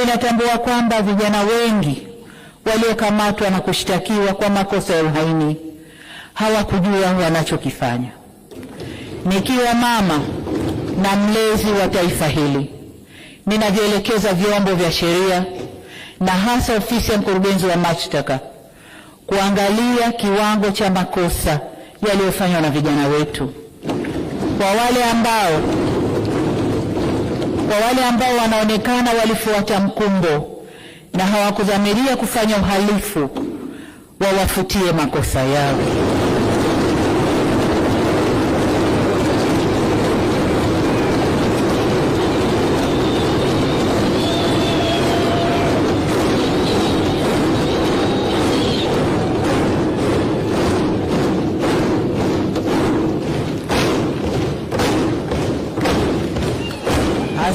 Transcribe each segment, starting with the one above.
Ninatambua kwamba vijana wengi waliokamatwa na kushtakiwa kwa makosa ya uhaini hawakujua wanachokifanya. Nikiwa mama na mlezi wa taifa hili, ninavyoelekeza vyombo vya sheria na hasa ofisi ya mkurugenzi wa mashtaka kuangalia kiwango cha makosa yaliyofanywa na vijana wetu kwa wale ambao kwa wale ambao wanaonekana walifuata mkumbo na hawakudhamiria kufanya uhalifu wawafutie makosa yao.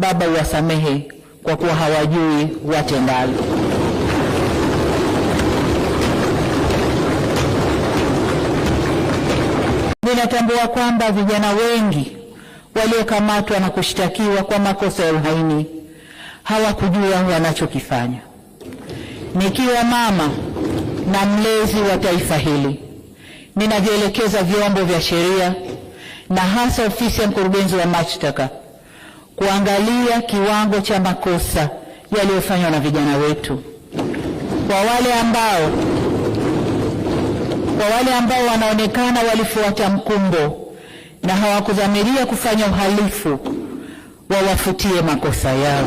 Baba, uwasamehe kwa kuwa hawajui watendalo. Ninatambua kwamba vijana wengi waliokamatwa na kushtakiwa kwa makosa ya uhaini hawakujua wanachokifanya. Nikiwa mama na mlezi wa taifa hili, ninavyoelekeza vyombo vya sheria na hasa ofisi ya mkurugenzi wa mashtaka kuangalia kiwango cha makosa yaliyofanywa na vijana wetu. Kwa wale ambao, kwa wale ambao wanaonekana walifuata mkumbo na hawakudhamiria kufanya uhalifu, wawafutie makosa yao.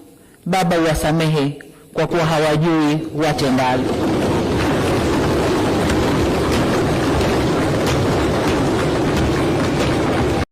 Baba, uwasamehe kwa kuwa hawajui watendalo.